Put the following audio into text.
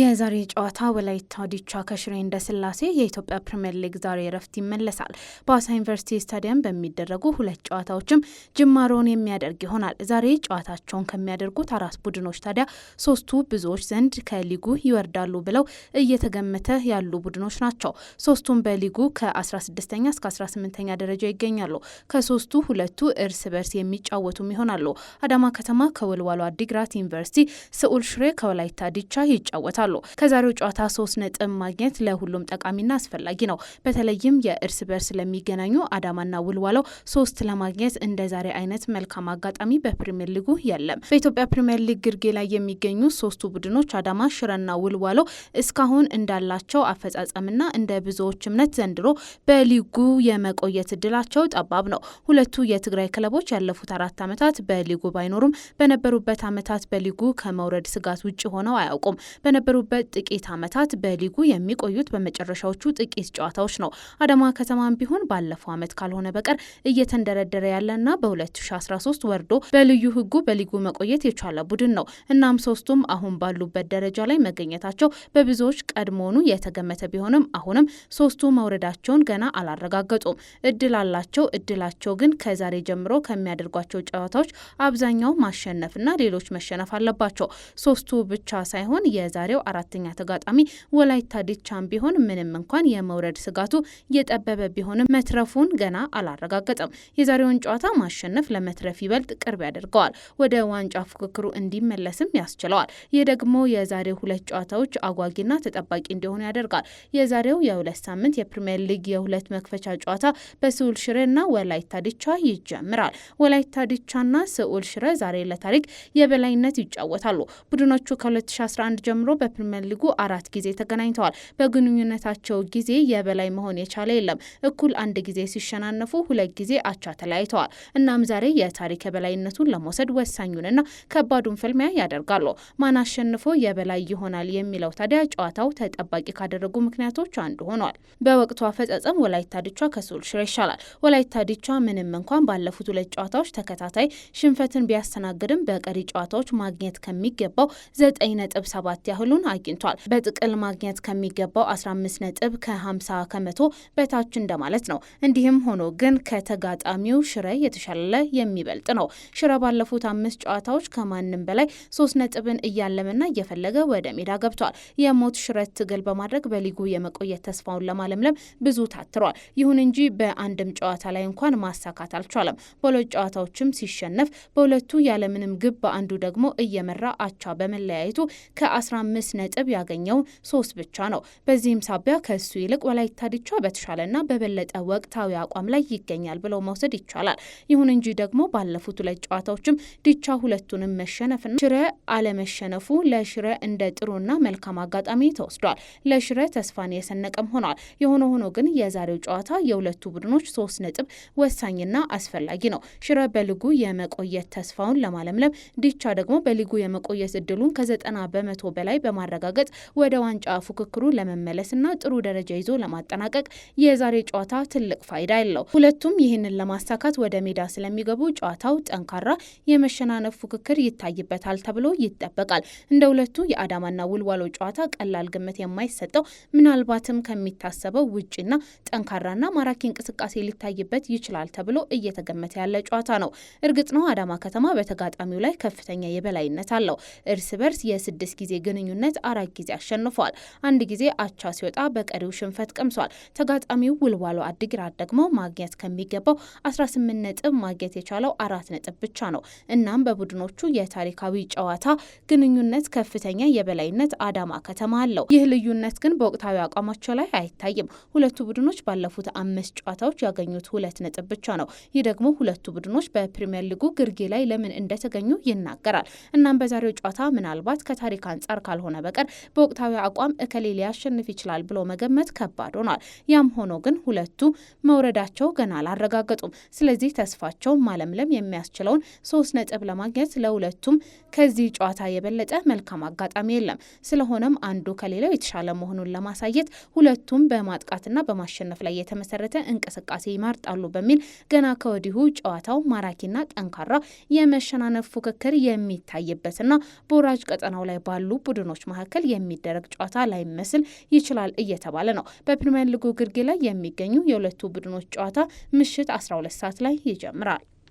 የዛሬ ጨዋታ ወላይታ ዲቻ ከሽሬ እንደ ስላሴ የኢትዮጵያ ፕሪምየር ሊግ ዛሬ እረፍት ይመለሳል። በአዋሳ ዩኒቨርሲቲ ስታዲየም በሚደረጉ ሁለት ጨዋታዎችም ጅማሮውን የሚያደርግ ይሆናል። ዛሬ ጨዋታቸውን ከሚያደርጉት አራት ቡድኖች ታዲያ ሶስቱ ብዙዎች ዘንድ ከሊጉ ይወርዳሉ ብለው እየተገመተ ያሉ ቡድኖች ናቸው። ሶስቱም በሊጉ ከ16ኛ እስከ 18ኛ ደረጃ ይገኛሉ። ከሶስቱ ሁለቱ እርስ በርስ የሚጫወቱም ይሆናሉ። አዳማ ከተማ ከወልዋሎ አዲግራት ዩኒቨርሲቲ፣ ስኡል ሽሬ ከወላይታ ዲቻ ይጫወታል። አሉ። ከዛሬው ጨዋታ ሶስት ነጥብ ማግኘት ለሁሉም ጠቃሚና አስፈላጊ ነው። በተለይም የእርስ በርስ ለሚገናኙ አዳማና ውልዋለው ሶስት ለማግኘት እንደ ዛሬ አይነት መልካም አጋጣሚ በፕሪምየር ሊጉ የለም። በኢትዮጵያ ፕሪምየር ሊግ ግርጌ ላይ የሚገኙ ሶስቱ ቡድኖች አዳማ፣ ሽረና ውልዋለው እስካሁን እንዳላቸው አፈጻጸምና እንደ ብዙዎች እምነት ዘንድሮ በሊጉ የመቆየት እድላቸው ጠባብ ነው። ሁለቱ የትግራይ ክለቦች ያለፉት አራት ዓመታት በሊጉ ባይኖሩም በነበሩበት ዓመታት በሊጉ ከመውረድ ስጋት ውጭ ሆነው አያውቁም። በነበሩበት ጥቂት ዓመታት በሊጉ የሚቆዩት በመጨረሻዎቹ ጥቂት ጨዋታዎች ነው። አዳማ ከተማም ቢሆን ባለፈው ዓመት ካልሆነ በቀር እየተንደረደረ ያለና በ2013 ወርዶ በልዩ ሕጉ በሊጉ መቆየት የቻለ ቡድን ነው። እናም ሶስቱም አሁን ባሉበት ደረጃ ላይ መገኘታቸው በብዙዎች ቀድሞውኑ የተገመተ ቢሆንም አሁንም ሶስቱ መውረዳቸውን ገና አላረጋገጡም። እድል አላቸው። እድላቸው ግን ከዛሬ ጀምሮ ከሚያደርጓቸው ጨዋታዎች አብዛኛው ማሸነፍና ሌሎች መሸነፍ አለባቸው። ሶስቱ ብቻ ሳይሆን የዛሬው አራተኛ ተጋጣሚ ወላይታ ዲቻም ቢሆን ምንም እንኳን የመውረድ ስጋቱ የጠበበ ቢሆንም መትረፉን ገና አላረጋገጠም። የዛሬውን ጨዋታ ማሸነፍ ለመትረፍ ይበልጥ ቅርብ ያደርገዋል፣ ወደ ዋንጫ ፉክክሩ እንዲመለስም ያስችለዋል። ይህ ደግሞ የዛሬው ሁለት ጨዋታዎች አጓጊና ተጠባቂ እንዲሆኑ ያደርጋል። የዛሬው የሁለት ሳምንት የፕሪምየር ሊግ የሁለት መክፈቻ ጨዋታ በስውል ሽሬና ወላይታ ዲቻ ይጀምራል። ወላይታ ዲቻና ስውል ሽሬ ዛሬ ለታሪክ የበላይነት ይጫወታሉ። ቡድኖቹ ከ2011 ጀምሮ በ በፕሪምየር ሊጉ አራት ጊዜ ተገናኝተዋል። በግንኙነታቸው ጊዜ የበላይ መሆን የቻለ የለም። እኩል አንድ ጊዜ ሲሸናነፉ፣ ሁለት ጊዜ አቻ ተለያይተዋል። እናም ዛሬ የታሪክ የበላይነቱን ለመውሰድ ወሳኙንና ከባዱን ፍልሚያ ያደርጋሉ። ማን አሸንፎ የበላይ ይሆናል የሚለው ታዲያ ጨዋታው ተጠባቂ ካደረጉ ምክንያቶች አንዱ ሆኗል። በወቅቱ አፈጻጸም ወላይታ ድቻ ከሱል ሽረ ይሻላል። ወላይታ ድቻ ምንም እንኳን ባለፉት ሁለት ጨዋታዎች ተከታታይ ሽንፈትን ቢያስተናግድም በቀሪ ጨዋታዎች ማግኘት ከሚገባው ዘጠኝ ነጥብ ሰባት ያህሉን ውጤቱን አግኝቷል። በጥቅል ማግኘት ከሚገባው 15 ነጥብ ከ50 ከመቶ በታች እንደማለት ነው። እንዲህም ሆኖ ግን ከተጋጣሚው ሽረ የተሻለ የሚበልጥ ነው። ሽረ ባለፉት አምስት ጨዋታዎች ከማንም በላይ ሶስት ነጥብን እያለምና እየፈለገ ወደ ሜዳ ገብቷል። የሞት ሽረት ትግል በማድረግ በሊጉ የመቆየት ተስፋውን ለማለምለም ብዙ ታትሯል። ይሁን እንጂ በአንድም ጨዋታ ላይ እንኳን ማሳካት አልቻለም። በሁለት ጨዋታዎችም ሲሸነፍ በሁለቱ ያለምንም ግብ በአንዱ ደግሞ እየመራ አቻ በመለያየቱ ከ15 አምስት ነጥብ ያገኘው ሶስት ብቻ ነው። በዚህም ሳቢያ ከእሱ ይልቅ ወላይታ ዲቻ በተሻለና በበለጠ ወቅታዊ አቋም ላይ ይገኛል ብለው መውሰድ ይቻላል። ይሁን እንጂ ደግሞ ባለፉት ሁለት ጨዋታዎችም ዲቻ ሁለቱንም መሸነፍና ሽረ አለመሸነፉ ለሽረ እንደ ጥሩና መልካም አጋጣሚ ተወስዷል። ለሽረ ተስፋን የሰነቀም ሆኗል። የሆነ ሆኖ ግን የዛሬው ጨዋታ የሁለቱ ቡድኖች ሶስት ነጥብ ወሳኝና አስፈላጊ ነው። ሽረ በልጉ የመቆየት ተስፋውን ለማለምለም፣ ዲቻ ደግሞ በልጉ የመቆየት እድሉን ከዘጠና በመቶ በላይ ለማረጋገጥ ወደ ዋንጫ ፉክክሩ ለመመለስና ጥሩ ደረጃ ይዞ ለማጠናቀቅ የዛሬ ጨዋታ ትልቅ ፋይዳ ያለው ሁለቱም ይህንን ለማሳካት ወደ ሜዳ ስለሚገቡ ጨዋታው ጠንካራ የመሸናነፍ ፉክክር ይታይበታል ተብሎ ይጠበቃል። እንደ ሁለቱ የአዳማና ውልዋሎ ጨዋታ ቀላል ግምት የማይሰጠው ምናልባትም ከሚታሰበው ውጭና ጠንካራና ማራኪ እንቅስቃሴ ሊታይበት ይችላል ተብሎ እየተገመተ ያለ ጨዋታ ነው። እርግጥ ነው አዳማ ከተማ በተጋጣሚው ላይ ከፍተኛ የበላይነት አለው። እርስ በርስ የስድስት ጊዜ ግንኙነት በአቻነት አራት ጊዜ አሸንፏል። አንድ ጊዜ አቻ ሲወጣ በቀሪው ሽንፈት ቀምሷል። ተጋጣሚው ውልዋሎ አዲግራት ደግሞ ማግኘት ከሚገባው 18 ነጥብ ማግኘት የቻለው አራት ነጥብ ብቻ ነው። እናም በቡድኖቹ የታሪካዊ ጨዋታ ግንኙነት ከፍተኛ የበላይነት አዳማ ከተማ አለው። ይህ ልዩነት ግን በወቅታዊ አቋማቸው ላይ አይታይም። ሁለቱ ቡድኖች ባለፉት አምስት ጨዋታዎች ያገኙት ሁለት ነጥብ ብቻ ነው። ይህ ደግሞ ሁለቱ ቡድኖች በፕሪምየር ሊጉ ግርጌ ላይ ለምን እንደተገኙ ይናገራል። እናም በዛሬው ጨዋታ ምናልባት ከታሪክ አንጻር ካልሆነ ካልሆነ በቀር በወቅታዊ አቋም እከሌ ሊያሸንፍ ይችላል ብሎ መገመት ከባድ ሆኗል። ያም ሆኖ ግን ሁለቱ መውረዳቸው ገና አላረጋገጡም። ስለዚህ ተስፋቸው ማለምለም የሚያስችለውን ሶስት ነጥብ ለማግኘት ለሁለቱም ከዚህ ጨዋታ የበለጠ መልካም አጋጣሚ የለም። ስለሆነም አንዱ ከሌላው የተሻለ መሆኑን ለማሳየት ሁለቱም በማጥቃትና በማሸነፍ ላይ የተመሰረተ እንቅስቃሴ ይመርጣሉ በሚል ገና ከወዲሁ ጨዋታው ማራኪና ጠንካራ የመሸናነፍ ፉክክር የሚታይበትና በወራጅ ቀጠናው ላይ ባሉ ቡድኖች ክለቦች መካከል የሚደረግ ጨዋታ ላይመስል ይችላል እየተባለ ነው። በፕሪሚየር ሊጉ ግርጌ ላይ የሚገኙ የሁለቱ ቡድኖች ጨዋታ ምሽት 12 ሰዓት ላይ ይጀምራል።